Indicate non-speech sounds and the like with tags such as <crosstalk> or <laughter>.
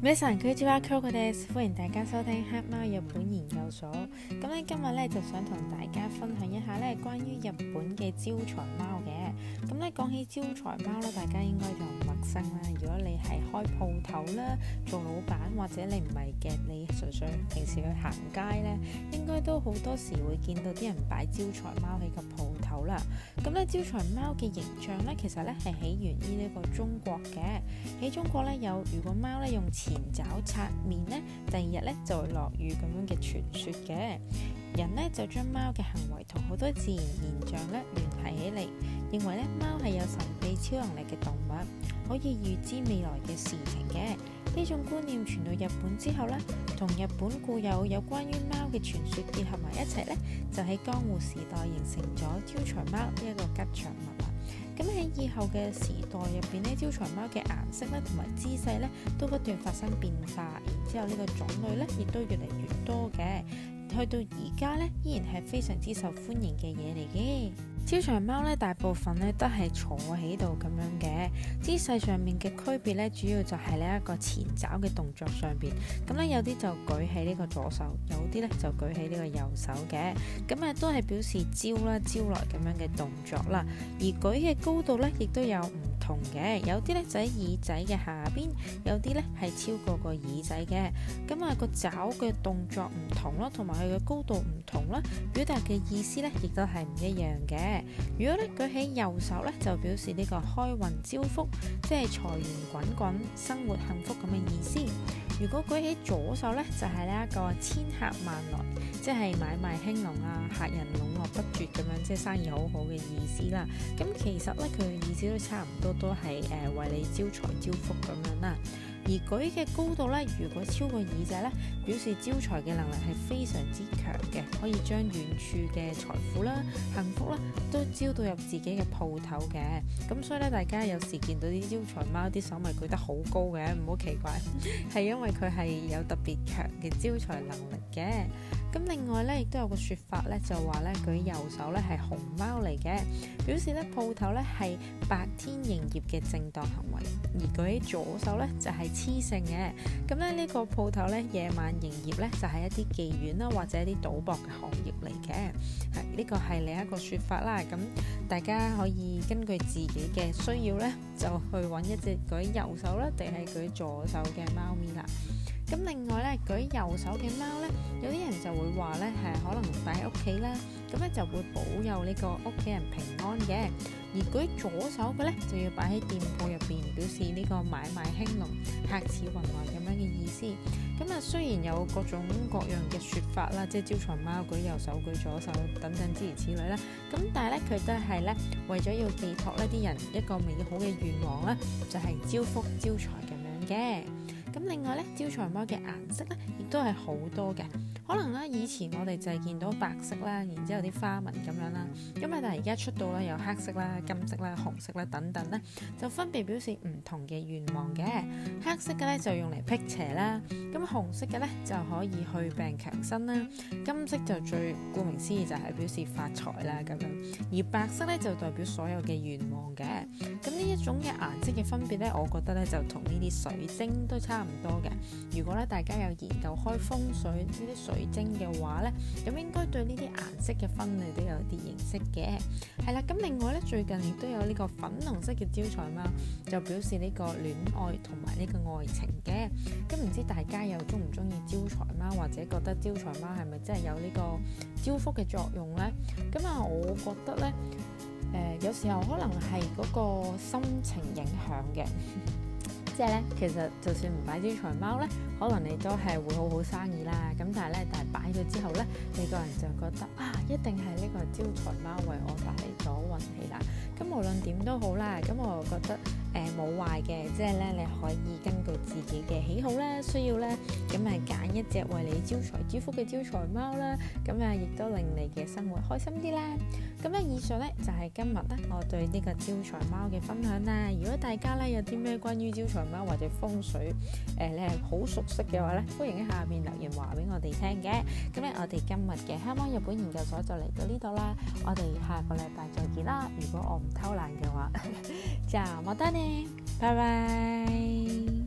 每晨九點一刻嘅大家歡迎大家收聽黑貓日本研究所。咁咧今日咧就想同大家分享一下咧關於日本嘅招財貓嘅。咁咧講起招財貓咧，大家應該就唔陌生啦。如果你係開鋪頭啦，做老闆或者你唔係嘅，你純粹平時去行街咧，應該都好多時會見到啲人擺招財貓喺個鋪頭啦。咁咧招財貓嘅形象咧，其實咧係起源於呢個中國嘅。喺中國咧有貓呢，如果貓咧用前爪刷面呢，第二日呢就會落雨咁樣嘅傳說嘅。人呢，就將貓嘅行為同好多自然現象咧聯繫起嚟，認為呢貓係有神秘超能力嘅動物，可以預知未來嘅事情嘅。呢種觀念傳到日本之後呢，同日本固有有關於貓嘅傳說結合埋一齊呢，就喺江戶時代形成咗招財貓呢一個吉祥物。咁喺以後嘅時代入邊咧，招財貓嘅顏色咧同埋姿勢咧都不斷發生變化，然之後呢個種類咧亦都越嚟越多嘅，去到而家咧依然係非常之受歡迎嘅嘢嚟嘅。招財貓咧，大部分咧都係坐喺度咁樣嘅姿勢，上面嘅區別咧，主要就係呢一個前爪嘅動作上邊。咁咧有啲就舉起呢個左手，有啲咧就舉起呢個右手嘅。咁啊，都係表示招啦，招來咁樣嘅動作啦。而舉嘅高度咧，亦都有唔同嘅。有啲咧就喺耳仔嘅下邊，有啲咧係超過個耳仔嘅。咁啊，個爪嘅動作唔同啦，同埋佢嘅高度唔同啦，表達嘅意思咧，亦都係唔一樣嘅。如果咧舉起右手咧，就表示呢個開運招福，即係財源滾滾，生活幸福咁嘅意思。如果舉起左手咧，就係、是、呢一個千客萬來，即係買賣興隆啊，客人絡繹不絕咁樣，即係生意好好嘅意思啦。咁其實咧，佢嘅意思都差唔多都，都係誒為你招財招福咁樣啦。而舉嘅高度咧，如果超過耳仔咧，表示招財嘅能力係非常之強嘅，可以將遠處嘅財富啦、幸福啦，都招到入自己嘅鋪頭嘅。咁所以咧，大家有時見到啲招財貓啲手咪舉得好高嘅，唔好奇怪，係 <laughs> 因為佢係有特別強嘅招財能力嘅。咁另外咧，亦都有個説法咧，就話咧舉右手咧係雄貓嚟嘅，表示咧鋪頭咧係白天營業嘅正當行為；而舉左手咧就係、是、雌性嘅。咁咧呢、這個鋪頭咧夜晚營業咧就係、是、一啲妓院啦，或者一啲賭博嘅行業嚟嘅。係呢個係另一個説法啦。咁大家可以根據自己嘅需要咧，就去揾一隻舉右手啦，定係舉左手嘅貓咪啦。咁另外咧，舉右手嘅貓咧，有啲人就會話咧，係可能擺喺屋企啦，咁咧就會保佑呢個屋企人平安嘅。而舉左手嘅咧，就要擺喺店鋪入邊，表示呢個買賣興隆、客似雲來咁樣嘅意思。咁啊，雖然有各種各樣嘅説法啦，即係招財貓舉右手、舉左手等等之如此類啦，咁但係咧佢都係咧，為咗要寄託呢啲人一個美好嘅願望啦，就係招福招財咁樣嘅。咁另外咧，招財貓嘅顏色咧，亦都係好多嘅。可能咧，以前我哋就係見到白色啦，然之後啲花紋咁樣啦。咁啊，但係而家出到咧有黑色啦、金色啦、紅色啦等等咧，就分別表示唔同嘅願望嘅。黑色嘅咧就用嚟闢邪啦。咁紅色嘅咧就可以去病強身啦。金色就最顧名思義就係表示發財啦咁樣，而白色咧就代表所有嘅願望嘅。咁呢一種嘅顏色嘅分別咧，我覺得咧就同呢啲水晶都差唔。多嘅。如果咧，大家有研究開風水呢啲水晶嘅話咧，咁應該對呢啲顏色嘅分類都有啲認識嘅。係啦，咁另外咧，最近亦都有呢個粉紅色嘅招財貓，就表示呢個戀愛同埋呢個愛情嘅。咁唔知大家又中唔中意招財貓，或者覺得招財貓係咪真係有呢個招福嘅作用咧？咁啊，我覺得咧，誒、呃，有時候可能係嗰個心情影響嘅。 <laughs> 即係咧，其實就算唔擺招財貓咧，可能你都係會好好生意啦。咁但係咧，但係擺咗之後咧，你個人就覺得啊，一定係呢個招財貓為我帶嚟咗運氣啦。咁無論點都好啦，咁我覺得誒、呃冇壞嘅，即係咧，你可以根據自己嘅喜好啦，需要啦，咁啊揀一隻為你招財之福嘅招財貓啦，咁啊亦都令你嘅生活開心啲啦。咁咧以上咧就係今日咧我對呢個招財貓嘅分享啦。如果大家咧有啲咩關於招財貓或者風水誒、呃，你係好熟悉嘅話咧，歡迎喺下面留言話俾我哋聽嘅。咁咧我哋今日嘅香港日本研究所就嚟到呢度啦，我哋下個禮拜再見啦。如果我唔偷懶嘅話，就冇得你。拜拜。